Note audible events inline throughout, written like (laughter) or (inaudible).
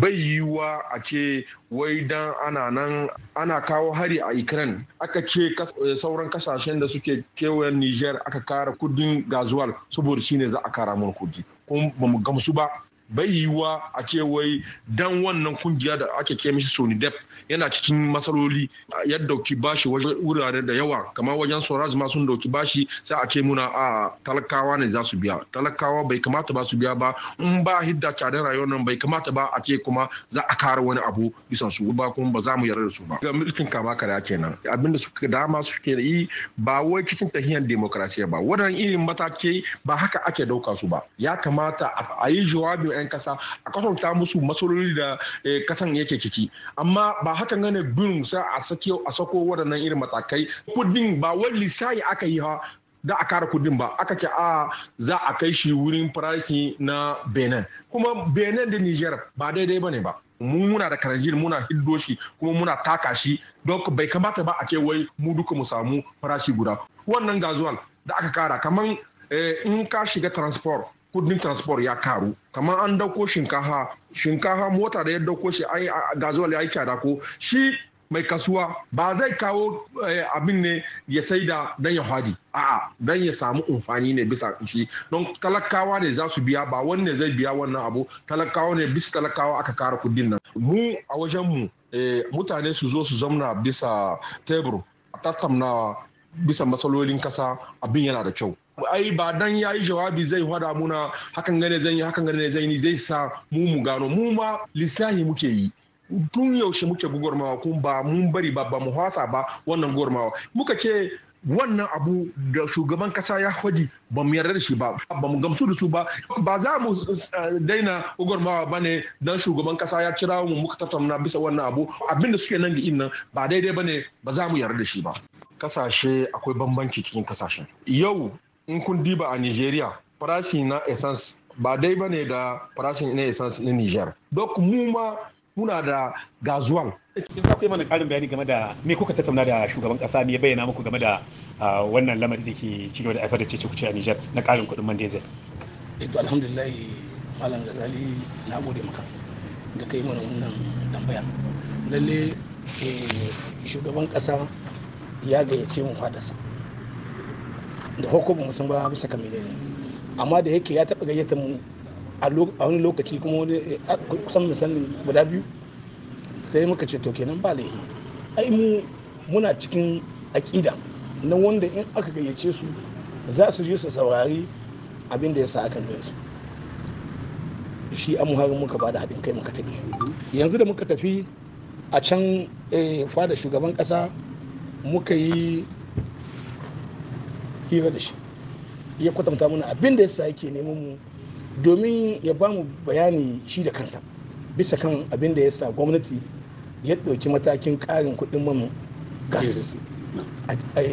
bai yiwuwa a ce wai dan ana nan ana kawo hari a ukraine aka ce eh, sauran kasashen da suke kewayen niger aka kara kudin gazuwal saboda shine za a kara mun kudi kuma ba mu gamsu ba bai yiwuwa a ce wai dan wannan kungiya da ake ke mishi def yana cikin matsaloli ya dauki bashi wajen wurare da yawa kamar wajen soraj ma sun dauki bashi sai a ke muna a talakawa ne za su biya talakawa bai kamata ba su biya ba in ba hidda cadar rayuwar nan bai kamata ba a ce kuma za a kara wani abu bisan su ba kuma ba za mu yarda da su ba ga mulkin kama karya kenan abinda suka dama suke yi ba wai cikin tahiyar demokrasiya ba wadannan irin mataki ba haka ake dauka su ba ya kamata a yi jawabi 'yan kasa a kasauta musu masaloli da eh, kasan yake ciki amma ba hakan gane bin sa a sako waɗannan irin matakai kudin ba wani lissayi aka yi ha da a kara kudin ba aka ce a za a kai shi wurin farasi na benin kuma benin da niger ba daidai ba ne ba mun muna da karanjin muna hiddo shi kuma muna taka shi don bai kamata ba a ce wai mu duka mu samu farashi guda wannan gazuwal da aka kara kamar eh, in ka shiga transport kudin transport ya karu kamar an dauko shinkafa shinkafa mota da ya dauko shi ai gazuwal ya yi kyada ko shi mai kasuwa ba zai kawo eh, abin ne ya sai da dan ya hadi a'a dan ya samu umfani ne bisa shi don talakawa ne za su biya ba wanne zai biya wannan abu talakawa ne bisa talakawa aka kara kudin nan mu a wajen mu eh, mutane su zo su zamna bisa tebur a tattaunawa bisa matsalolin kasa abin yana da kyau ai ba dan ya yi jawabi zai hada muna hakan gane zai yi hakan gane zai yi zai sa mu mu gano mu ma lissahi muke yi tun yaushe muke gugurmawa kuma ba mun bari ba ba mu hasa ba wannan gugurmawa muka ce wannan abu da shugaban kasa ya hwaji ba mu yarda da shi ba ba mu gamsu da su ba ba za mu eh, daina gwagwarmawa ba ne don shugaban kasa ya kira mu muka tattauna bisa wannan abu abinda suke nan ga nan ba daidai ba ne ba za mu yarda da shi ba kasashe akwai bambanci cikin kasashen yau in kun diba a Nigeria farashi na essence ba dai ba ne da farashin na essence na Niger. Dok mu ma muna da gazuwan. Kin sa kai mana karin bayani game da me kuka tattauna da shugaban kasa me ya bayyana muku game da wannan lamari da ke cigaba da haifar da cece a Niger na karin kuɗin man diesel. Eto eh, alhamdulillah Malam Gazali na gode maka da kai mana wannan tambaya. Lalle eh, shugaban kasa ya gayyace mu fadarsa. da hukumar sun ba bisa kan ne amma da yake ya taɓa gayyatar mu a wani lokaci kuma wani kusan misalin guda biyu sai muka ce to kenan ba laihi ai mu muna cikin aƙida na wanda in aka gayyace su za su je su saurari abin da ya sa aka su shi amu har muka ba da haɗin kai muka tafi yanzu da muka tafi a can eh, fada shugaban ƙasa muka yi hira da shi ya kwatanta mana abin da yasa yake neman mu domin ya ba mu bayani shi da kansa bisa kan abin da yasa gwamnati ya ɗauki matakin ƙarin kuɗin man gas a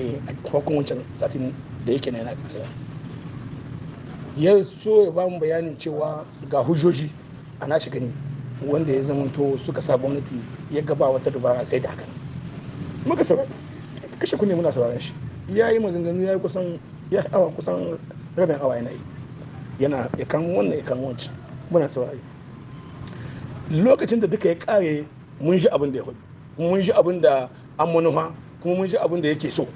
kwakwan satin da yake na yana ya so ya ba mu bayanin cewa ga hujjoji a nashi gani wanda ya zamanto suka sa gwamnati ya gaba wata dubara sai da haka muka sauran kashe kunne muna sauran shi ya yi maganganu ya yi kusan ya awa kusan rabin awa yana yi yana ya kan wannan ya kan wancan muna saurari lokacin da duka ya kare mun shi abin da ya faɗi mun shi abin da an manufa kuma mun shi abin da yake so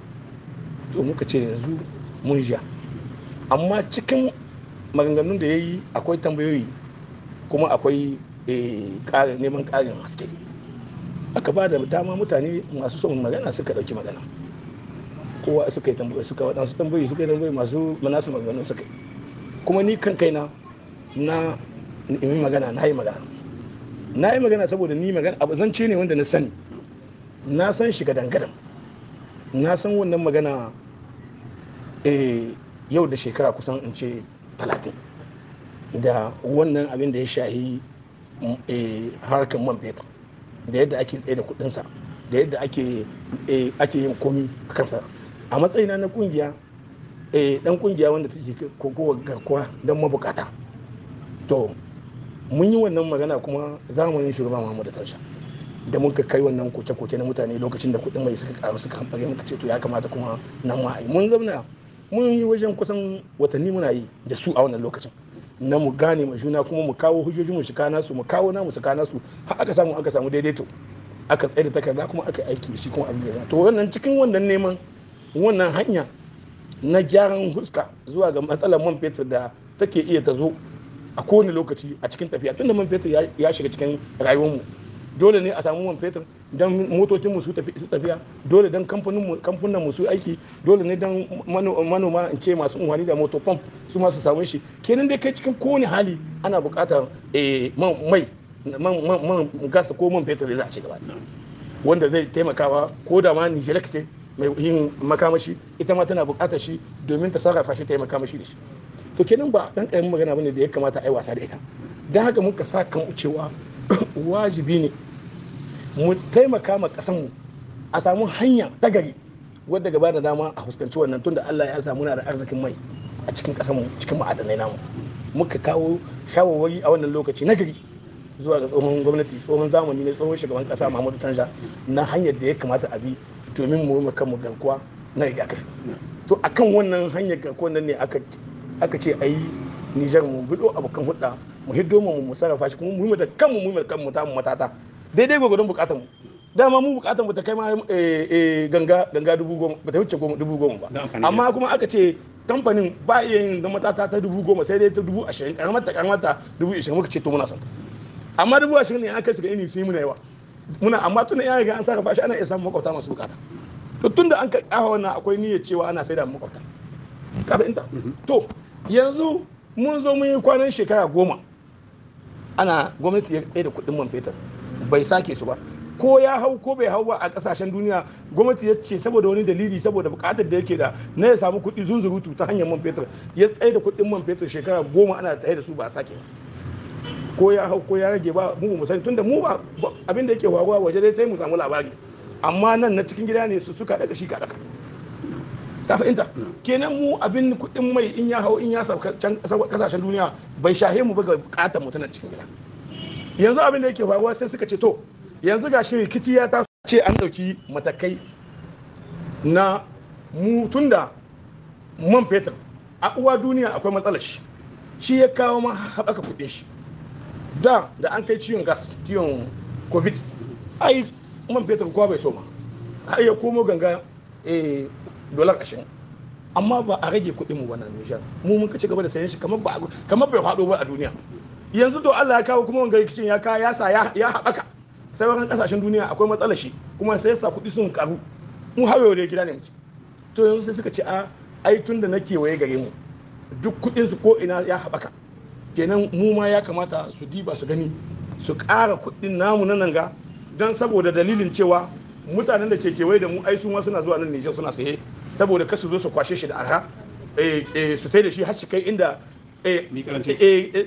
to muka ce yanzu mun sha amma cikin maganganun da ya yi akwai tambayoyi kuma akwai eh, neman karin haske aka ba da dama mutane masu son magana suka ɗauki magana kowa suka yi tambayi suka waɗansu tambayi suka yi tambayi masu manasu maganganu suka yi kuma ni kan kaina na yi magana na yi magana na yi magana saboda ni magana abu zance ne wanda na sani na san shi dangadan na san wannan magana eh, yau da shekara kusan in ce talatin da wannan abin da ya shahi eh, harkar man fetur da yadda ake tsaye da kudinsa da yadda eh, ake yin komi a kansa a matsayina na kungiya eh dan kungiya wanda take kokowa garkuwa don mabukata to mun yi wannan magana kuma zamanin shugaban Muhammadu tasha da muka kai wannan koke-koke na mutane lokacin da kuɗin mai suka karu suka hanfare muka ce to ya kamata kuma nan ma mun zauna mun yi wajen kusan watanni muna yi da su a wannan lokacin na mu gane mu juna kuma mu kawo hujjoji mu shika nasu mu kawo namu shika nasu har aka samu aka samu daidaito aka tsaye da takarda kuma aka aiki shi kuma abin da to wannan cikin wannan neman wannan hanya na gyaran huska zuwa ga matsalar man fetur da take iya ta zo a kowane lokaci a cikin tafiya tunda man fetur ya shiga cikin rayuwarmu dole ne a samu man fetur don motocin mu su tafiya dole don kamfunan su aiki dole ne don manoma in ce masu unhani da moto pump su masu samun shi kenan dai kai cikin kowane hali ana buƙatar eh, mai man gas ko man fetur da za a ci gaba wanda zai taimakawa ko da ma nijelek mai yin makamashi ita ma tana bukatar shi domin ta sarrafa shi ta yi makamashi da shi to kenan ba dan karamin magana bane da ya kamata a yi wasa da ita dan haka muka sa kan cewa (coughs) wajibi ne mu taimaka ma kasanmu a samu hanya ta gari wadda gaba da dama a fuskanci wannan tunda Allah ya samu na da arzikin mai a cikin kasanmu cikin ma'adanai namu muka kawo shawarwari a wannan lokaci na gari zuwa ga tsohon gwamnati tsohon zamani na tsohon shugaban kasa Muhammadu Tanja na hanyar da ya kamata a bi domin mu yi kanmu garkuwa na rigakafi to akan wannan hanyar garkuwa nan ne aka ce ayi nijar mu bido abokan hudda mu hiddo mu mu sarrafa shi kuma mu yi da kanmu mu yi kanmu ta mu matata daidai gwagwadon bukatar mu dama mu bukatar mu ta kai ma eh, eh, ganga ganga dubu goma ba ta wuce dubu goma ba amma kuma aka ce kamfanin ba iya yin da matata ta dubu goma sai dai ta dubu ashirin karamata karamata dubu ashirin muka ce to muna son amma dubu ashirin ne aka kai su ga ini sun yi muna yawa muna amma tun ya riga an saka bashi ana isa samun makwabta masu bukata to tunda an ka kafa wannan akwai niyyar cewa ana saida makwabta ka fahimta mhm. to yanzu mun zo mun yi kwanan shekara goma ana gwamnati ya tsaye da kuɗin man fetur bai sake su ba ko ya hau ko bai hau ba a kasashen duniya gwamnati ya ce saboda wani dalili saboda bukatar da yake da na ya samu kuɗi zunzurutu ta hanyar man fetur ya tsaye da kuɗin man fetur shekara goma ana tsaye da su ba sake ba ko ya hau ko ya rage ba mu ba sani tunda mu ba abin da yake faruwa waje dai sai mu samu labari amma nan na cikin gida ne su suka daga shi ka ta fahimta kenan mu abin kuɗin mai in ya hau in ya sauka kasashen duniya bai shahe mu ba ga bukatar mu tana cikin gida yanzu abin da yake faruwa sai suka ce to yanzu ga shi rikici ya ta ce an dauki matakai na mu tunda man fetur a uwa duniya akwai matsalar shi shi ya kawo ma haɓaka kuɗin shi da da an kai ciwon gas ciwon covid ai man fetur kowa bai so ma ai ya komo ganga eh dolar ashirin amma ba a rage kuɗin mu ba na Nijar mu mun ka ci gaba da sayen shi kamar ba kamar bai hado ba a duniya yanzu to Allah ya kawo kuma wanga kicin ya kawo ya sa ya haɓaka sai wurin kasashen duniya akwai matsala shi kuma sai sa kuɗi sun karu mu hawaye da gida ne mu to yanzu sai suka ce a ah, ai tun da na kewaye gare mu duk kuɗin su ko ina ya haɓaka kenan mu ma ya kamata su diba su gani su ƙara kuɗin namu na nan ga don saboda dalilin cewa mutanen da ke kewaye da mu ai su ma suna zuwa nan Nijar suna saye saboda kar su zo su kwashe shi da arha eh, eh, su tai da shi har shi kai inda eh,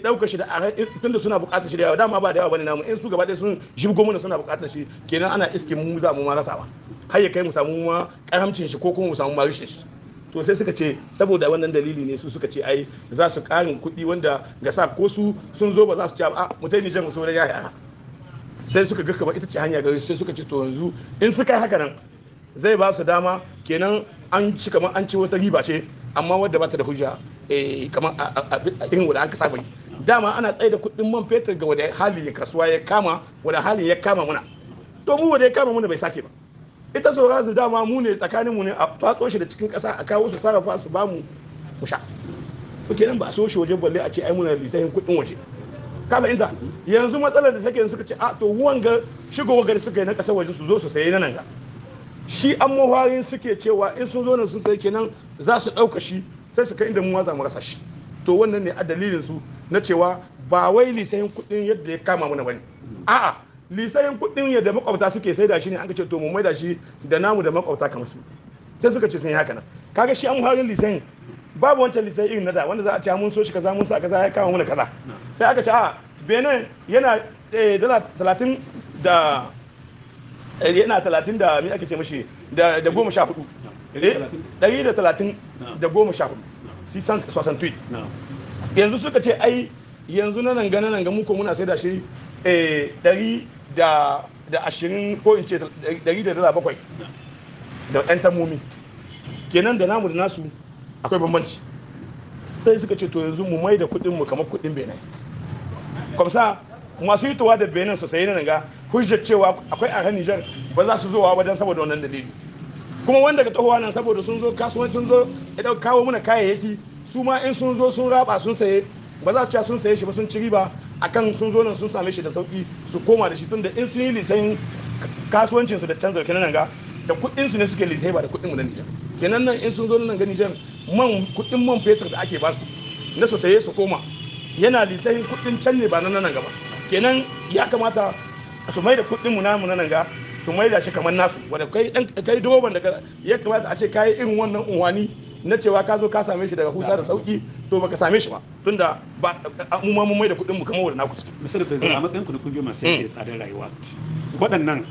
ɗaukar shi da arha tunda suna buƙatar shi da yawa dama ba da yawa bane namu in su gaba ɗaya sun jibgo mana suna buƙatar shi kenan ana iske mu za mu ma rasawa har ya kai mu samu ma karamcin shi ko kuma mu samu ma rishin shi to sai suka ce saboda wannan dalili ne su suka ce ai za su karin kuɗi wanda ga sa ko su sun zo ba za su ci a mutai nijar mu sauran yaya sai suka gaka ba ita ce hanya gari sai suka ce to yanzu in suka haka nan zai ba su dama kenan an ci kamar an ci wata riba ce amma wadda ba ta da hujja eh, kamar irin wadda an ka saba dama ana tsaye da kuɗin man fetur ga wadda hali ya kasuwa ya kama wadda halin ya kama muna to mu wadda ya kama muna bai sake ba ita saura su dama mu ne tsakanin mu ne a fatso shi da cikin ƙasa a kawo su sarrafa su ba mu mu sha to kenan ba so shi waje balle a ce ai muna lisahin kuɗin waje ka fahimta yanzu matsalar da take suka ce a ah, to ga shigo gari suka yi na ƙasar waje su zo su sayi na nan ga shi an mawarin suke cewa in sun zo nan sun sai kenan za su ɗauka shi sai su kai inda mu za mu rasa shi to wannan ne a dalilin su na cewa ba wai lisahin kuɗin yadda ya kama mana bane a'a lisayin ya da makwabta suke sai da shi ne an ce to mu mai da shi da namu da makwabta kamar su sai suka ce sun yi haka nan kaga shi an halin lisayin babu wancan lisayin irin na da wanda za a ce ah, mun so shi kaza mun sa kaza ya kama mana kaza sai aka ce a ah, benin yana eh, dala talatin da eh, yana talatin da me ake ce mashi da goma sha hudu ɗari da talatin da goma sha hudu si eh, san sosan tweet yanzu suka ce ai yanzu na nan ga nan ga muku muna sai da shi ɗari da da ashirin ko in ce dari da dala bakwai da yan tamomi kenan da namu da nasu akwai bambanci sai suka ce to yanzu mu mai da kuɗin mu kamar kuɗin benin kwamsa masu yi hitowa da benin su sayi na ga hujjar cewa akwai arhan nijar ba za su zowa wajen saboda wannan dalili kuma wanda ga tsohuwa nan saboda sun zo kasuwancin zo ya kawo mana kayayyaki su ma in sun zo sun raba sun saye ba za su ci sun saye shi ba sun ci riba akan sun zo nan sun same shi da sauki su koma da shi da in sun yi lisan kasuwancin su da can zauke nan ga da kuɗin su ne suke lisai ba da kuɗin mu na Nijar kenan nan in sun zo nan ga Nijar man kuɗin man fetur da ake basu na su saye su koma yana lisai kuɗin can ne ba na nan gaba kenan ya kamata su mai da kuɗin mu namu na nan ga su mai da shi kamar nasu wanda kai dan kai doban da ya kamata a ce kai irin wannan unwani na cewa ka zo ka same shi daga husa da sauki to baka same shi ba tunda ba mu ma mun mai da kuɗin mu kamar wannan naku suke misali president a matsayin ku na kungiyoyi masu yake mm. tsadar rayuwa waɗannan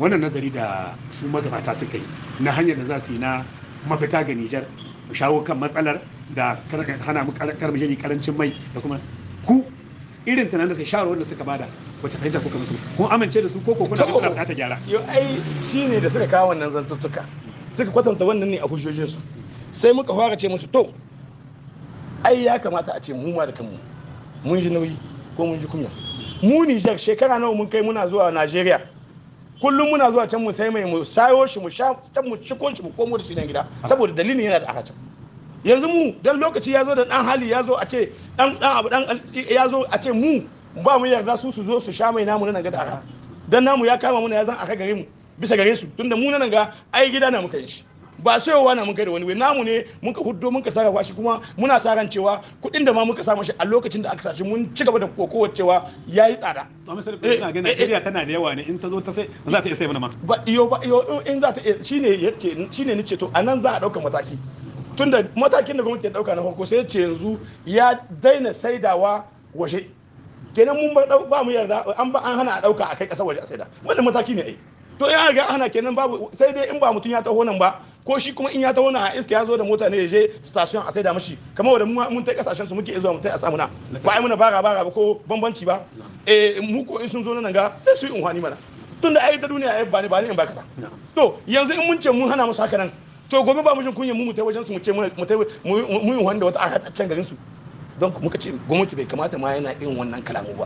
wannan nazari da su magabata suka yi na hanyar da za su yi na mafita ga Nijar shawo kan matsalar da hana mu karmajeni karancin mai da kuma ku irin tunanin sai shawarwar wanda suka bada wacce fahimta kuka musu kun amince da su ko kuna da suna bukata gyara yo ai shine da suka kawo wannan zantuttuka suka kwatanta wannan ne a hujjojinsu sai muka fara ce musu to ai ya kamata a ce mu ma da kanmu mun ji nauyi ko mun ji kunya mu Nijar shekara nawa mun kai muna zuwa Najeriya kullum muna zuwa can mu sai mai mu sayo shi mu sha can mu ciko shi mu komo da shi nan gida saboda dalilin yana da aka can yanzu mu dan lokaci ya zo da dan hali ya zo a ce dan dan abu dan ya zo a ce mu ba mu yarda su su zo su sha mai namu nan gida dan namu ya kama muna ya zan aka gare mu bisa gare su tunda mu nan ga ai gida na muka yi shi ba sayowa na muka da wani namu ne muka huddo muka sarrafa shi kuma muna sa ran cewa kuɗin da ma muka sa shi a lokacin da aka sashi mun ci gaba da kokowa cewa yayi tsada to amma sai kuna ga Najeriya tana da yawa ne in ta zo ta sai za ta iya sai mana ma ba iyo ba iyo in za ta shine yace shine nace to anan za a dauka mataki tunda matakin da gwamnati ya dauka na farko sai ce yanzu ya daina saidawa waje kenan mun ba mu yarda an ba an hana a dauka a kai kasar waje a saida wannan mataki ne ai to in ga hana kenan babu sai dai in ba mutun ya taho nan ba ko shi kuma in ya ta wani a iska ya zo da mota ne ya je station a saida mashi kamar wanda mun ta kasashen su muke zuwa mu ta samu na ba ai muna bara bara ba ko bambanci ba eh mu ko in sun zo nan ga sai su yi unhani mana tunda ai ta duniya ai ba bani ba ni in baka ta to yanzu in mun ce mun hana musu haka nan to gobe ba mu jin kunya mu mu tai wajen su mu ce mu mu yi wanda wata a can garin su don muka ce gwamnati bai kamata ma yana irin wannan kalamu ba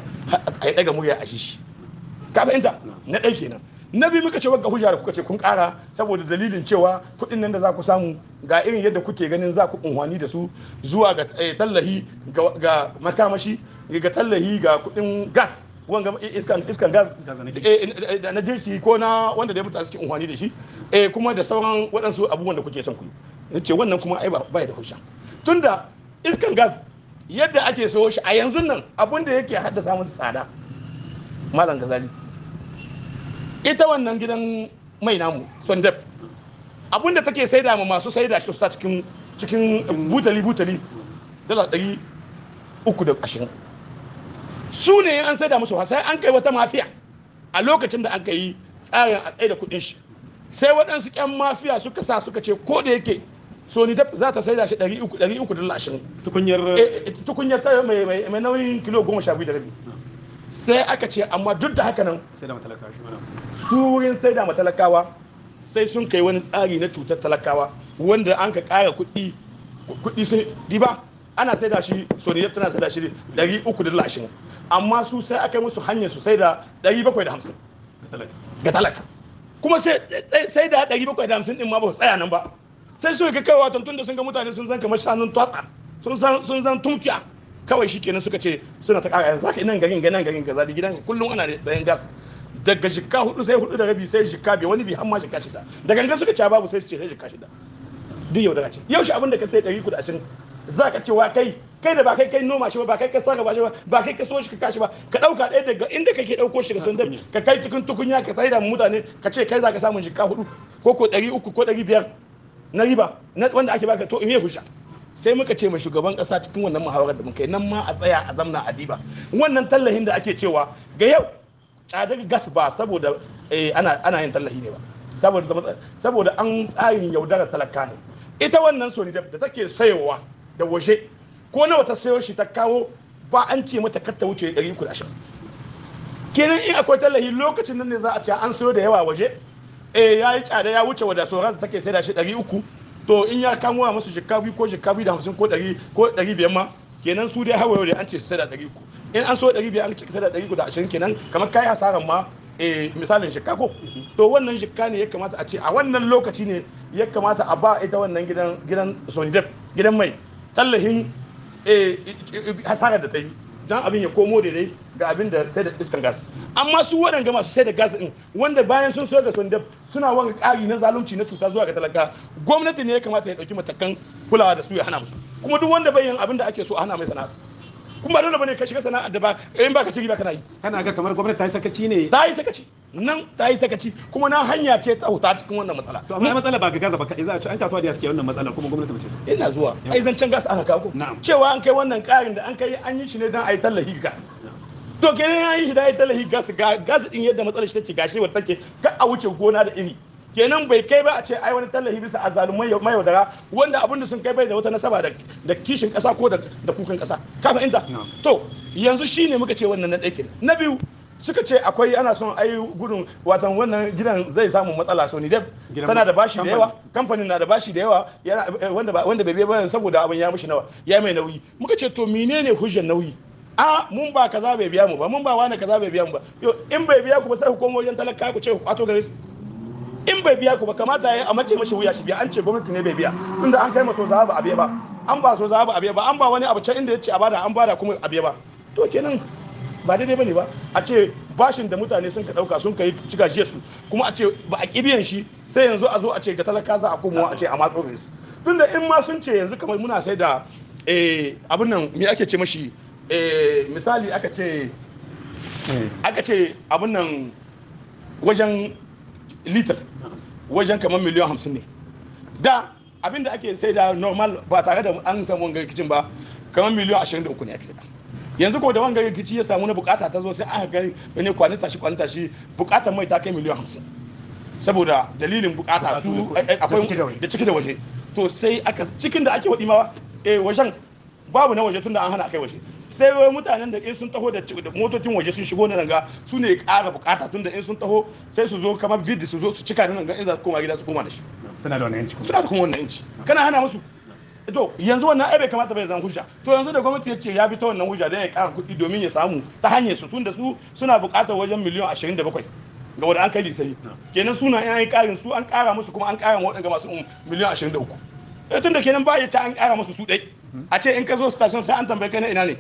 a yi daga murya a shi ka fahimta na ɗaya kenan na biyu muka ce wagga hujja da kuka ce kun kara saboda dalilin cewa kuɗin nan da za ku samu ga irin yadda kuke ganin za ku unhwani da su zuwa ga eh, tallahi ga makamashi ga tallahi ga kuɗin gas wanga eh, iskan iskan gas na jirki eh, ko na wanda da mutane suke unhwani da shi kuma da sauran waɗansu abubuwan da kuke son ku ce wannan kuma ai ba da hujja tunda iskan gas yadda ake so shi a yanzu nan abun da yake haddasa musu tsada malam gazali ita wannan gidan mai namu sondep abinda take da ma masu da shi cikin cikin eh, butali butali dala ɗari uku da ashirin su ne an sai da musu sai an kai wata mafiya a lokacin da an kai tsarin a tsaye da kuɗin shi sai waɗansu ƴan mafiya suka sa suka ce ko da yake sony dab za ta da shi ɗari uku ɗari uku ashirin tukunyar eh, eh, tukunyar ta mai nauyin kilo goma sha biyu da rabi sai aka ce amma duk da haka nan su wurin sai da matalakawa sai sun kai wani tsari na cutar talakawa wanda an ka kara kuɗi kuɗi sai riba ana sai da shi soniya tana sai da shi ɗari uku da lashin amma su sai aka yi musu hanyar su sai da ɗari bakwai da hamsin ga talaka kuma eh, sai da ɗari bakwai da hamsin ɗin ma ba su tsaya nan ba sai su yi kakawa tun da sun ga mutane sun zan kamar shanun tatsa sun zan tunkiya kawai shi kenan suka ce suna ta kara yanzu haka nan garin ga nan garin ga zali gidan kullum ana tsayin gas daga jikka hudu sai hudu da rabi sai jikka bai wani bi har ma jikka shida daga gangan suka ce babu sai ce sai jikka shida duk yau da ce yau shi abin da ka sai 320 za ka ce wa kai kai da ba kai kai noma shi ba ba kai ka sarrafa shi ba ba kai ka so shi ka kashi ba ka dauka ɗaya daga inda kake dauko shi ga sun da ka kai cikin tukunya ka sai da mutane ka ce kai za ka samu jikka hudu ko ko 300 ko 500 na riba wanda ake baka to in yi fusha sai muka ce mai shugaban kasa cikin wannan muhawarar da muka yi nan ma a tsaya a zamna adiba wannan tallahin da ake cewa ga yau tsadar gas ba saboda eh, ana yin tallahi ne ba saboda an tsarin yaudarar talaka ne ita wannan ne da take sayowa da waje ko nawa ta sayo shi ta kawo ba an ce mata kar ta wuce 320 kenan in akwai tallahi lokacin nan ne za a ce an sayo da yawa waje eh ya yi tsada ya wuce wa da sauransu take sai da shi uku. to in ya kamo a masu shikabi ko shikabi da hamsin ko ɗari ko ɗari biyar ma kenan su dai hawaye da an ce sada ɗari ku in an so ɗari biyar an ce sada ɗari ku da ashirin kenan kamar kayi hasaran ma eh, misalin shikka ko to wannan shikka ne ya kamata a ce a wannan lokaci ne ya kamata a ba ita wannan gidan gidan sonidep gidan mai tallahin eh, hasarar da ta yi don abin ya komo da dai ga abin da sai da iskan gas amma su waɗanda masu sai da gas din wanda bayan sun sayar da sun suna wanga ƙari na zalunci na cuta zuwa ga talaka gwamnati ne ya kamata ya ɗauki matakan kulawa da su ya hana musu kuma duk wanda bai yin abin da ake so a hana mai sana'a kuma dole bane ka shiga sana'a da ba in baka ci ba kana yi kana ga kamar gwamnati ta yi sakaci ne ta yi sakaci nan ta yi sakaci kuma na hanya ce ta hauta cikin wannan matsala to amma matsala ba ga gaza ba kai za a ci an kasuwa da suke wannan matsala kuma gwamnati bace ina zuwa ai zancen gas aka kawo cewa an kai wannan karin da an kai an yi shi ne dan ai tallahi gas to kenan ya yi shi da ai tallahi gas gas din yadda matsalar shi take gashi wata take ka a wuce gona da iri kenan bai kai ba a ce ai wani tallahi bisa azalumai mai yaudara wanda abin da sun kai bai da wata nasaba da kishin kasa ko da kukan kasa ka fahimta to yanzu shine muka ce wannan na ɗaya na biyu suka ce akwai ana son ayi gudun watan wannan gidan zai samu matsala so ni dai tana da bashi da yawa kamfanin na da bashi da yawa eh, wanda wanda bai bayan saboda abin ya mishi nawa ya mai nauyi muka ce to menene hujjar nauyi a mun ba kaza bai biya mu ba mun ba wani kaza bai biya mu ba yo in bai biya ku ba sai ku wajen talaka ku ce ku kwato gare su in bai biya ku ba kamata ya a mace mashi wuya shi biya an ce gwamnati ne bai biya tunda an kai maso zaba a biya ba an ba so zaba a biya ba an ba wani abu can inda yace a bada an bada kuma a biya ba to kenan ba daidai bane ba a ce bashin da mutane sun ka dauka sun kai cika jiya su kuma a ce ba a kibiyan shi sai yanzu a zo a ce da talaka za a komowa a ce a matso su tunda in ma sun ce yanzu kamar muna sai da eh, abin nan me ake ce mashi eh, misali aka ce hmm. aka ce abin nan wajen litar wajen kamar miliyan hamsin ne da abin da ake sai da normal ba tare da an samu wanga kicin ba kamar miliyan ashirin da uku ne ake sai yanzu ko da wanga rikici ya samu na bukata ta zo sai aka gani ne kwani tashi kwani tashi bukatar mai ta kai miliyan hamsin saboda dalilin bukata su akwai da ciki da waje to sai aka cikin da ake wadi ma eh wajen babu na waje tunda an hana kai waje sai wai mutanen da in sun taho da motocin waje sun shigo na nanga su ne kara bukata tunda in sun taho sai su zo kamar vid su zo su cika na nanga in za su koma gida su koma da shi suna da wannan yanci suna da kuma wannan yanci kana hana musu to yanzu wannan ai bai kamata bai zan hujja to yanzu da gwamnati ya ce ya bi ta wannan hujja dan ya ƙara kuɗi domin ya samu ta hanyar su tun da su suna buƙatar wajen miliyan 27 ga wanda an kai lisai kenan suna yan ai ƙarin su an ƙara musu kuma an ƙara waɗanda masu miliyan 23 eh tun da kenan ba ya ce an ƙara musu su dai a ce in ka zo station sai an tambaye kai na ina ne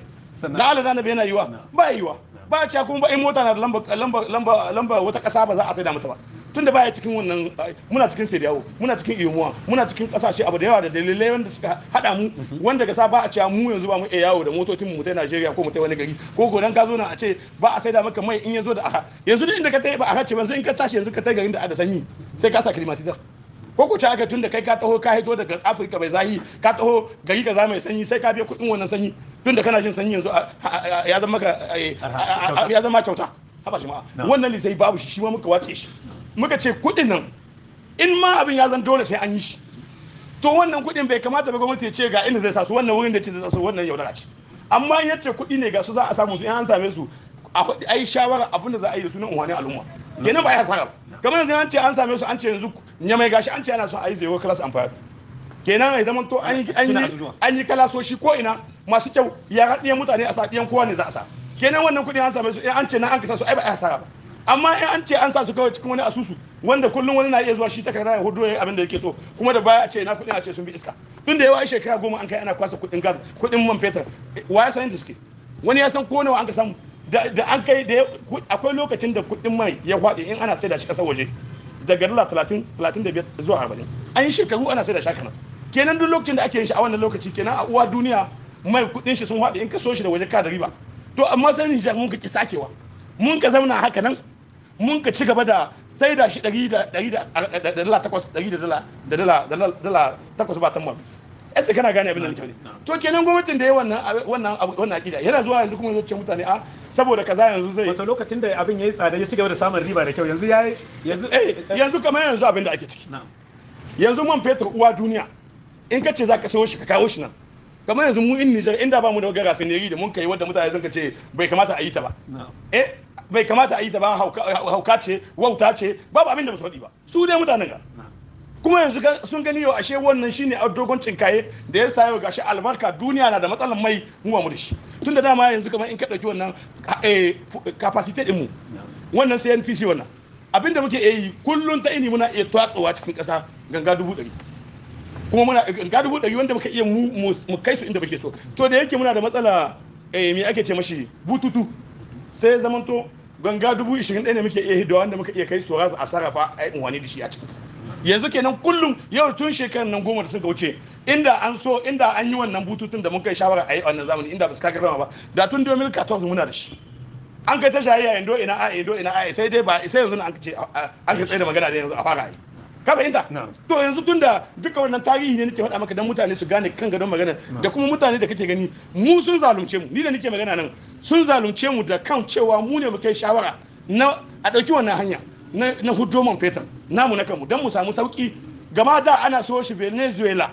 da Allah da bai na yiwa ba yiwa ba a ce kuma ba in mota na lamba lamba lamba wata ƙasa ba za a saida mata ba tunda baya cikin wannan muna cikin sediyawo muna cikin imuwa muna cikin kasashe abu da yawa da dalilai wanda suka hada mu mhm. wanda ga ba a cewa mu yanzu ba mu iya yawo da motocin mu mutai Najeriya ko mutai wani gari ko ko dan ka zo na a ce ba a saida maka mai in yazo da aha yanzu duk inda ka tai ba aha ce yanzu in ka tashi yanzu ka tai garin da ada sanyi sai ka sa climatizer ko ku ci haka tunda kai ka taho ka hito daga Afirka mai zahi ka taho gari za mai sanyi sai ka biya kuɗin wannan sanyi tunda kana jin sanyi yanzu ya zama maka ya zama kyauta haba shi ma wannan lisai babu shi shi ma muka wace shi muka ce kuɗin nan in ma abin ya zan dole sai an yi shi to wannan kuɗin bai kamata ba gwamnati ce ga inda zai sasu wannan wurin da ce zai sasu wannan yaudara ce amma in yace kuɗi ne ga su za a samu su in an same su a yi shawara abin da za a yi da sunan umarnin al'umma kenan ba ya sarar ba kamar yanzu an ce an same su an ce yanzu nyamai gashi an ce ana son a yi zaiwa class amfani kenan ya zaman to an yi kalasoshi ko ina masu kyau ya ɗiyan mutane a sa ɗiyan kowa ne za a sa kenan wannan kuɗi an same su in an ce na an kasa su ai ba a sarar ba amma in an ce an sa su kawai cikin wani asusu wanda kullum wani na iya zuwa shi takarda ya hudu ya abin da yake so kuma da baya a ce na kuɗin a ce sun bi iska tun da yawa a shekara goma an kai ana kwasa kuɗin gas kuɗin man fetur wa ya san yadda suke wani ya san ko nawa an ka samu da an kai da akwai lokacin da kuɗin mai ya kwaɗe in ana saida shi ƙasar waje daga dala 30 35 zuwa 40 an yi shekaru ana saida shi haka nan kenan duk lokacin da ake yin shi a wannan lokaci kenan a uwa duniya mai kuɗin shi sun faɗi in ka so shi da waje ka da riba to amma sai Nijar mun ka ki sakewa mun ka zauna haka nan mun ka ci gaba da sai da shi ɗari da dala takwas ɗari da dala da dala dala takwas ba tamman yasa kana gane abin da nake to kenan gwamnatin da ya wannan wannan wannan akida yana zuwa yanzu kuma yanzu mutane a ah, saboda kaza yanzu zai wato lokacin da abin yayi tsada ya ci gaba da samun riba da kyau yanzu yayi yanzu eh yanzu kamar yanzu abin da ake ciki yanzu man fetur uwa duniya in ka ce za ka sayo shi ka kawo shi nan kamar yanzu mu in Nijar inda ba mu da rafineri da mun kai wanda mutane sun ka ce bai kamata a yi ta ba eh bai kamata a yi ta ba hauka ce wauta ce babu abin da ba su faɗi ba su dai mutanen ga kuma yanzu sun gani yau ashe wannan shine a dogon cinkaye da ya sa yau gashi albarka duniya na da matsalar mai mu mu da shi tunda dama yanzu kamar in ka dauki wannan eh, capacity din mu wannan NPC wannan abinda muke yi kullun ta ini muna iya tatsowa cikin kasa ganga dubu ɗari kuma muna ganga dubu ɗari wanda muka iya mu kai su inda muke so to da yake muna da matsala eh, me ake ce mashi bututu sai zamanto ganga dubu ishirin ɗaya ne muke iya da wanda muka iya kai su a sarrafa a yi unwani da shi a cikin yanzu kenan kullum yau tun shekarar nan goma da suka wuce inda an so inda an yi wannan bututun da mun kai shawara a yi wannan zamani inda ba su kakar ba da tun 2014 muna da shi an kai ta shayi a indo ina a indo ina a sai dai ba sai yanzu an an kai tsaye da magana da yanzu a fara yi ka fahimta to yanzu tunda duka wannan tarihi ne nake faɗa maka dan mutane su gane kan gadon magana da kuma mutane da kake gani mu sun zalunce mu ni da nake magana nan sun zalunce mu da kan cewa mu ne muka yi shawara na a ɗauki wannan hanya na hujjo man fetur namu na kanmu don mu samu sauki gama da ana so shi venezuela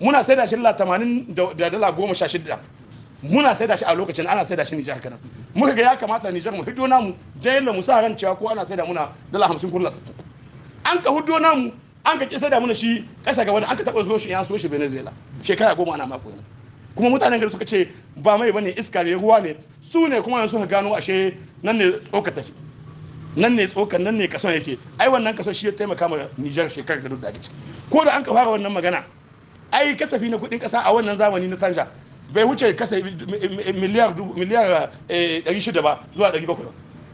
muna sai da shi la tamanin da dala goma sha shida muna sai da shi a lokacin ana sai da shi nijar kanan muka ga ya kamata nijar mu hiddo namu da musa mu sa ran cewa ko ana sai da muna dala hamsin kulla sittin an ka hudo namu an ka kisa da mana shi kasa ga wani an ka taba zo shi ya so shi Venezuela shekara goma ana mako yana kuma mutanen gari suka ce ba mai bane iska ne ruwa ne su ne kuma yanzu ka gano ashe nan ne tsoka tafi nan ne tsoka nan ne kason yake ai wannan kason shi ya taimaka ma Niger shekara da duk da ciki ko da an ka fara wannan magana ai kasafi na kudin kasa a wannan zamani na Tanja bai wuce kasa miliyar miliyar 600 eh, ba zuwa 700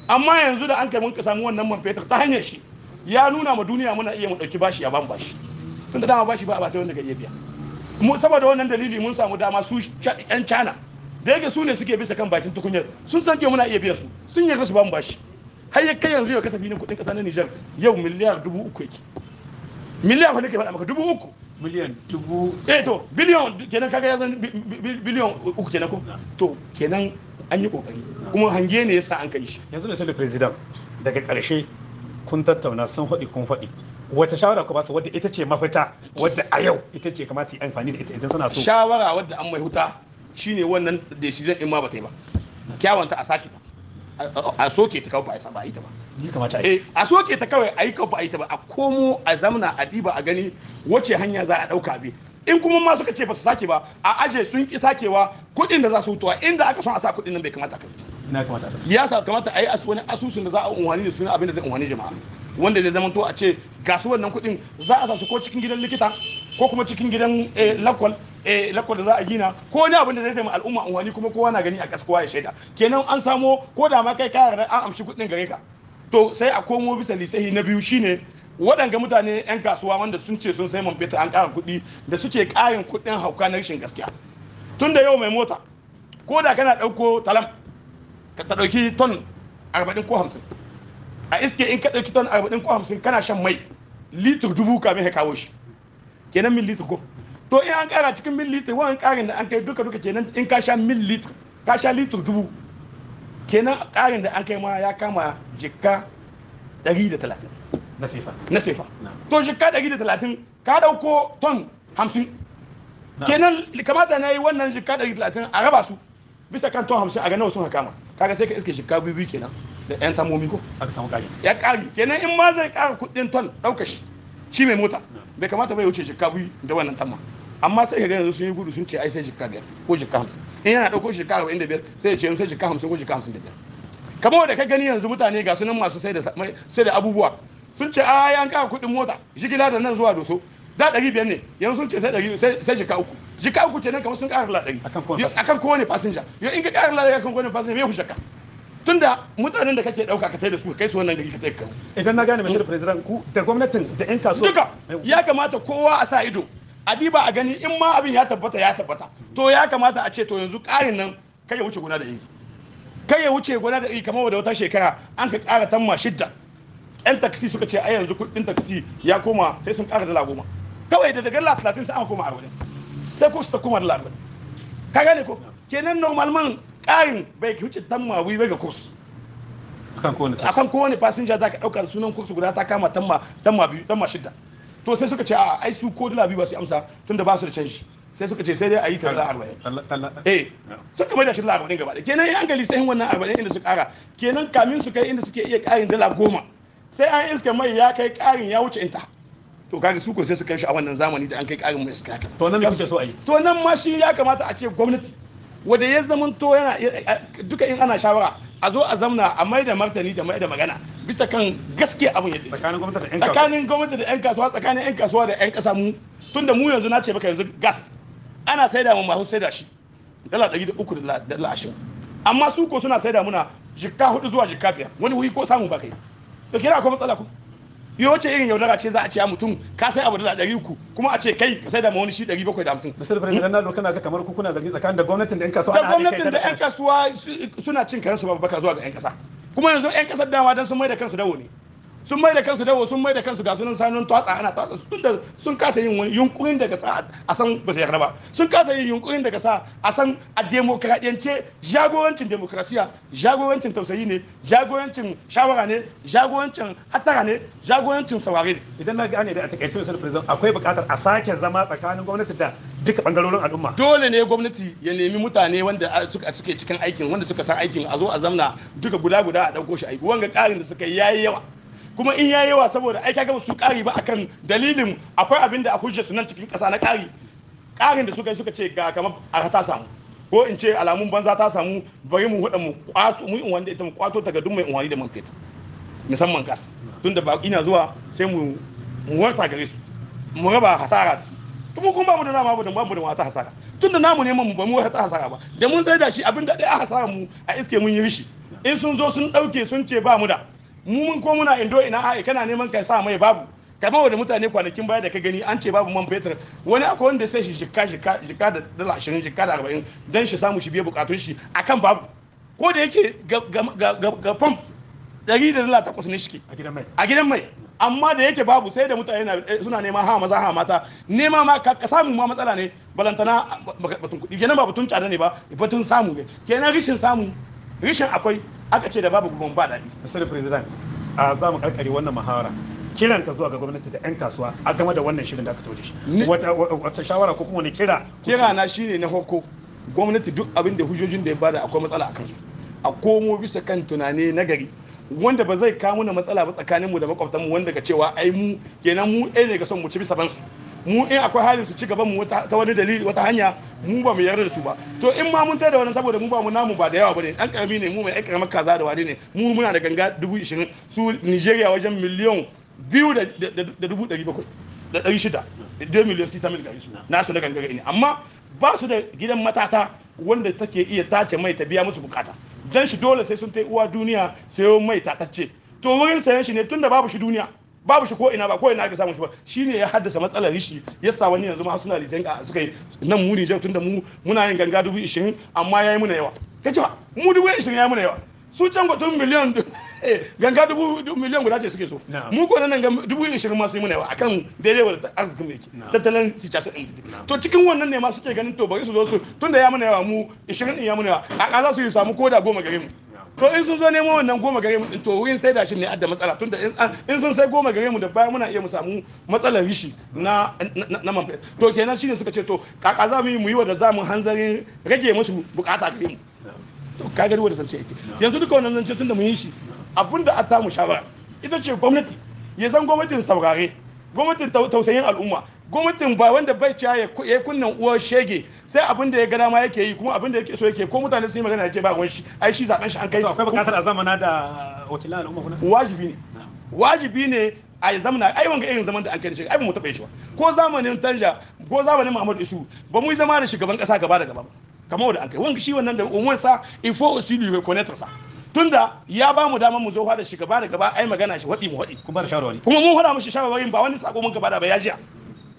amma yanzu da an kai mun ka samu wannan man fetur ta hanyar shi ya nuna ma duniya muna iya mu dauki bashi a ban bashi tun da dama bashi ba a ba sai wanda ka iya biya mu saboda wannan dalili mun samu dama su yan cana da yake su ne suke bisa kan bakin tukunyar sun san ke muna iya biya su sun yi su ban bashi har ya kai yanzu yau kasafi ne kudin kasa na Niger yau miliyar dubu uku yake miliyar fa nake faɗa maka dubu uku miliyan dubu eh to biliyon kenan kaga ya zan biliyon uku kenan ko to kenan an yi kokari kuma hange ne yasa an kai shi yanzu ne sai da president daga ƙarshe kun tattauna sun faɗi kun faɗi wata shawara ku ba su wadda ita ce mafita wadda a yau ita ce kamar su yi amfani da ita idan suna so shawara wadda an mai huta shine wannan decision in ma ba ta yi ba kyawanta a sake ta a soke ta kawai ba a yi ta ba ni eh, a soke ta kawai a yi kawai ba a yi ta ba a komo a zamna a diba a gani wace hanya za a ɗauka bi in kuma ma suka ce ba su sake ba a aje sun ki sakewa kuɗin da za su hutuwa inda aka son a sa kuɗin nan bai kamata ka ina ya sa kamata a yi wani asusun da za a unwani da sunan abin da zai unwani jama'a wanda zai zama to a ce ga su wannan kuɗin za a sa su ko cikin gidan likita ko kuma cikin gidan eh, lakwal eh, lakwal da za a gina ko wani abin da zai sama al'umma unwani kuma kowa na gani a ƙasa kowa ya shaida kenan an samo ko da ma kai kayar an amshi kuɗin gare ka to sai a komo bisa lisahi na biyu shine waɗanga mutane 'yan kasuwa wanda sun ce sun sai man fetur an ƙara kuɗi da suke ƙarin kuɗin hauka na rashin gaskiya tun da yau mai mota ko da kana ɗauko talam ka ta ɗauki ton 40 ko 50 a iske in ka ɗauki ton 40 ko 50 kana shan mai litir dubu kamin ka kawo shi kenan mil litir ko to in an ƙara cikin mil litir wani ƙarin da an kai duka duka kenan in ka sha mil litir ka sha litir dubu kenan ƙarin da an kai ma ya kama jikka 130 na sefa to shi ka ɗari da talatin ka ɗauko ton hamsin kenan kamata na yi wannan shi ka ɗari talatin a raba su bisa kan ton hamsin a ga nawa sun kama kaga sai ka iske shi ka biyu kenan da yan tamomi ko aka samu kari ya kari kenan in ma zai kara kuɗin ton ɗauka shi shi mai mota bai kamata bai wuce shikka biyu da wannan tamma amma sai ka ga yanzu sun yi gudu sun ce ai sai shikka biyar ko shikka hamsin in yana ɗauko shikka arba'in da biyar sai ya ce sai shikka hamsin ko shikka hamsin da biyar kamar da ka gani yanzu mutane ga sunan masu sai da abubuwa sun ce ah, ai an kawo kudin mota jigila da nan zuwa doso da ɗari biyar ne yanzu sun ce sai ɗari sai jika uku jika uku kenan kamar sun ƙara ɗari akan kowane fasinja yau in ka ƙara ɗari akan kowane fasinja me ku shakka tunda mutanen da kake dauka ka tai da su kai su wannan gari ka tai ka idan na gane da president ku da gwamnatin da yan kasuwa duka ya kamata kowa a sa ido a diba a gani in ma abin ya tabbata ya tabbata to ya kamata a ce to yanzu ƙarin nan kai ya wuce gona da iri kai ya wuce gona da iri kamar da wata shekara an ka ƙara tamma shidda yan taksi suka ce a yanzu kuɗin taksi ya koma sai sun ƙara dala goma kawai da daga dala talatin sai an koma arba'in sai ko su ta koma dala arba'in ka gane ko kenan man ƙarin bai wuce tamma wi bai ga kursu akan kowane fasinja za ka ɗaukar sunan kursu guda ta kama tamma ma biyu tamma shida to sai suka ce a ai su ko dala biyu ba su amsa tunda ba su da canji sai suka ce sai dai a yi talla arba'in eh suka mai da shi arba'in gaba da kenan yan gali sai wannan arba'in inda su kara kenan kamin su kai inda suke iya karin dala goma sai an iska mai ya kai karin ya wuce inta to kaga su ko sai su kai shi a wannan zamani da an kai karin mai iska kaka to nan kuke so a yi to nan ma shi ya kamata a ce gwamnati wanda ya zaman to yana duka in ana shawara a zo a zamna a mai da martani da mai da magana bisa kan gaskiya abin yadda tsakanin gwamnati da yan kasuwa tsakanin gwamnati da yan kasuwa tsakanin yan kasuwa da yan kasa mu tunda mu yanzu na ce maka yanzu gas ana saida mu masu saida shi dala ɗari da uku da dala ashirin amma su ko suna saida muna jikka hudu zuwa jikka biyar wani wuri ko samu ba kai to kira akwai matsala ku yi wace irin yaudara ce za a ce mutum ka sai abu da ɗari uku kuma a ce kai ka sai da wani shi ɗari bakwai da hamsin. sai da hmm? na kana ga kamar kuna zargi tsakanin da gwamnatin da 'yan kasuwa. Da gwamnatin da 'yan kasuwa suna cin su ba baka zuwa ga 'yan kasa. Kuma yanzu 'yan kasar dama don sun mai da kansu dawo ne. sun mai da kansu dawo sun mai da kansu ga sunan sanin twatsa ana twatsa su sun kasa yin yunkurin daga sa a san ba su yarda ba sun kasa yin yunkurin daga sa a san a demokradiyance jagorancin demokrasiya jagorancin tausayi ne jagorancin shawara ne jagorancin hatara ne jagorancin saurare ne idan na gane da a takaice misali president akwai bukatar a sake zama tsakanin gwamnati da duka bangarorin al'umma dole ne gwamnati ya nemi mutane wanda suke cikin aikin wanda suka san aikin a zo a zamna duka guda guda a dauko shi aiki wanga karin da suka yayi yawa kuma in yi yawa saboda ai gama su ƙari ba akan dalilin akwai abin da a hujja su nan cikin ƙasa na ƙari ƙarin da suka yi suka ce ga kamar a ta samu ko in ce alamun banza ta samu bari mu huɗa mu kwato mu in wanda ita mu kwato ta ga duk mai unwani da man fita musamman gas tunda baƙi na zuwa sai mu mu warta gare su mu raba hasara da su kuma kuma mu da nama mu da mu da wata hasara tunda namu neman mu ba mu wata hasara ba da mun sai da shi abin da ɗaya a hasara mu a iske mun yi rishi in sun zo sun ɗauke sun ce ba mu da mu mun ko muna indo ina ai kana neman ka sa mai babu kamar wanda mutane kwanakin baya da ka gani an ce babu man fetur wani akwai wanda sai shi jikka jikka da dala ashirin jikka da 40 dan shi samu shi biye bukatun shi akan babu ko da yake ga pump dari da dala takwas ne shi a gidan mai amma da yake babu sai da mutane eh, suna nema ha maza ha mata nema ma ka samu ma matsala ne balantana batun kudi kenan ba batun tsada ne ba batun samu ne kenan rishin samu rishin akwai aka ce da babu gugun ba daɗi Mr. president a za mu ƙarƙari wannan muhawara kiran ka zuwa ga gwamnati da 'yan kasuwa a game da wannan shirin da aka tode shi wata shawara ko kuma wani kira kira na ne na farko gwamnati duk abin da hujjojin da ya bada akwai matsala a kansu a komo bisa kan tunani na gari wanda ba zai kawo mana matsala ba tsakaninmu da makwabtanmu wanda ga cewa ai mu kenan mu ɗaya ne ga son mu ci bisa bansu mu in akwai halin su ci gaban mu ta wani dalili wata hanya mu ba mu yarda da su ba to in ma mun tada wannan saboda mu ba mu namu ba da yawa bane dan karami ne mu mai karamar kaza da wani ne mu muna da ganga dubu su Nigeria wajen miliyan biyu da dubu ɗari bakwai da ɗari shida da miliyan sisa mil gari su na su na ne amma ba su da gidan matata wanda take iya tace mai ta biya musu bukata dan shi dole sai sun ta uwa duniya sayo mai tatacce to wurin sayan shi ne tunda babu shi duniya babu shi ko ina ba ko ina aka samu shi ba shine ya haddasa matsalar rishi yasa wani yanzu ma suna lisan ka suka yi nan mu Niger tunda mu muna yin ganga dubu 20 amma yayi muna yawa kace ba mu dubu 20 yayi muna yawa su can gwatun miliyan (laughs) eh, ganga dubu miliyan guda ce suke so mu ko nan ganga dubu ishirin masu yi muna yawa akan daidai wa arzikin mai tattalin siyasa ɗin to cikin wannan ne ma suke ganin to bari su zo su tunda ya muna yawa mu ishirin ɗin ya muna yawa a za su yi samu koda goma gare mu to in sun zo nemo wannan goma gare mu to wurin sai da shi ne adda matsala tunda in sun sai goma gare mu da baya muna iya mu samu matsalar rishi na na man to kenan shine suka ce to kaka za mu yi mu yi wa da za mu hanzarin rage musu bukata gare mu to ka gari wanda sance yake yanzu duka wannan zance tunda mu yi shi abinda a ta mu shawara ita ce gwamnati ya san gwamnatin saurare gwamnatin tausayin al'umma gwamnatin ba wanda bai ciya ya kunnan uwar shege sai abin da ya gada ma yake yi kuma abin da yake so yake ko mutane sun yi magana ce ba gwan shi ai shi zaben shi an kai akwai bukatar a zamana da wakilan al'umma kuna wajibi ne wajibi ne a zamana ai wanga irin zaman da an kai da shi ai ba mu taɓa shi ba ko zamanin tanja ko zamanin Muhammadu Isu ba mu yi zama da shugaban kasa gaba da gaba ba kamar da an kai wanga shi wannan da umar sa il faut aussi lui reconnaître tunda ya ba mu damar mu zo da shi gaba da gaba ai magana shi waɗi mu waɗi kuma da shawarwari kuma mun hada mishi shawarwarin ba wani sako mun gaba da ba ya jiya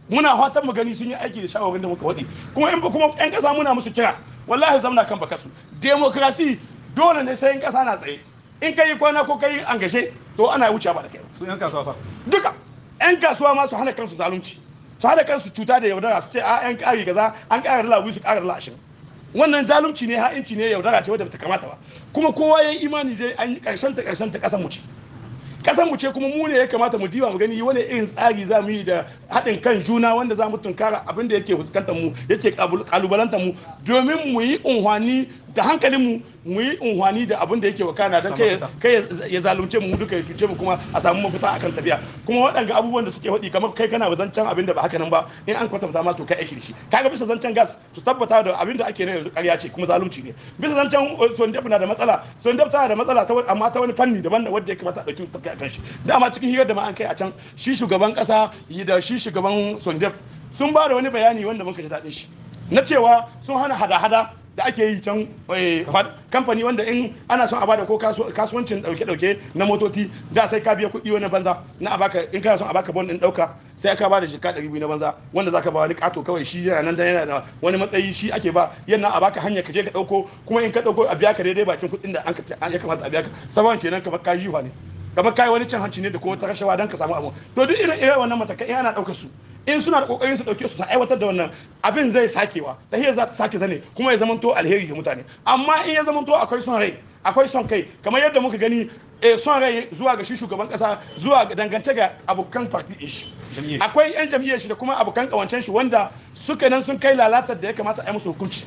muna fatan mu gani sun yi aiki da shawarwarin da muka waɗi kuma in kuma ƴan ƙasa muna musu kira wallahi zamna kan baka su demokrasi dole ne sai ƴan ƙasa na tsaye in kai kwana ko kai an gashe to ana wuce ba da kai su ƴan kasuwa fa duka ƴan kasuwa ma su hana kansu zalunci su hana kansu cuta da yaudara su ce a ah, ƴan ƙari kaza an ƙara dala su ƙara dala ashirin wannan zalunci ne ha'inci ne yaudara ce wadda bata kamata ba kuma kowa ya yi imani dai an yi karshen ta karshen kasan mu ce kasan mu ce kuma mu ne ya kamata mu diba mu gani wani irin tsari za mu yi da haɗin kan juna wanda za mu tunkara abin da yake fuskantar mu yake kalubalantar mu domin mu yi unhwani da hankalin mu mu yi unhwani da abin da yake kana don kai ya zalunce mu duka ya cuce mu kuma a samu mafita akan tafiya kuma waɗanga abubuwan da suke faɗi kamar kai kana zancen abin da ba haka nan ba in an kwatanta ma to kai aiki da shi kaga bisa zancen gas su tabbata da abin da ake na yanzu ƙarya ce kuma zalunci ne bisa zancen uh, sondep na da matsala sondep tana da matsala ta amma ta wani fanni daban da wanda ya kamata a ɗauki tafiya akan shi dama cikin hirar da ma an kai a can shi shugaban ƙasa da shi shugaban sondep sun ba da wani bayani wanda muka ji daɗin shi na cewa sun hana hada-hada da ake yi can eh, kamfani wanda in ana son a bada ko kasuwancin dauke-dauke na motoci da sai ka biya kuɗi wani banza na abaka in kana son a baka bon din dauka sai ka bada shi ka ɗari biyu na banza wanda zaka ba wani kato kawai shi yana nan da yana da wani matsayi shi ake ba yana a baka hanya ka je ka dauko kuma in ka dauko a biya ka daidai bakin kuɗin da an ya kamata a biya ka saban kenan kamar ka jiwa ne kamar kai wani cin hanci ne da ko ta rashawa dan ka samu abu to duk irin irin wannan matakai ana ɗaukar su in suna da kokarin su dauke su aiwatar da wannan abin zai sakewa hiyar za ta sake zane kuma ya zamanto alheri ga mutane amma in ya zamanto akwai son rai akwai son kai kamar yadda muka gani eh, son rai zuwa ga shi shugaban kasa zuwa ga dangance ga abokan party shi akwai yan jam'iyyar shi da kuma abokan kawancen shi wanda suka nan sun kai lalatar da ya kamata a yi musu hukunci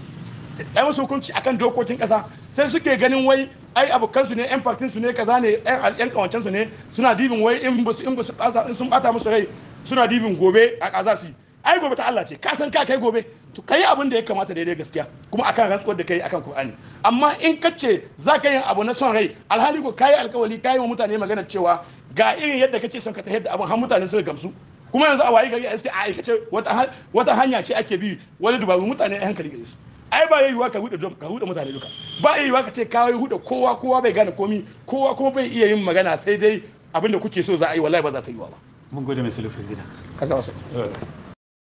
yi musu hukunci akan dokokin kasa sai suke ganin wai ai abokan su ne yan partin su ne kaza ne yan kawancen su ne suna dibin wai in ba su in ba su in sun bata musu rai suna dibin gobe a kaza su ai gobe ta Allah ce ka san ka kai gobe to kai abin da ya kamata daidai gaskiya kuma akan rantsuwar da kai akan Qur'ani amma in ka ce za ka yin abu na son rai alhali ko kai alkawali kai wa mutane magana cewa ga irin yadda kace son ka ta yadda abin har mutane suka gamsu kuma yanzu a wayi gari a iske a aikace wata hanya ce ake bi wani dubaru mutane a hankali gari su ai ba yayyuwa ka huda ka huda mutane duka ba yayyuwa ka ce kawai huda kowa kowa bai gane komi kowa kuma bai iya yin magana sai dai abinda kuke so za a yi wallahi ba za ta yi ba mu ngi koy demee si le président.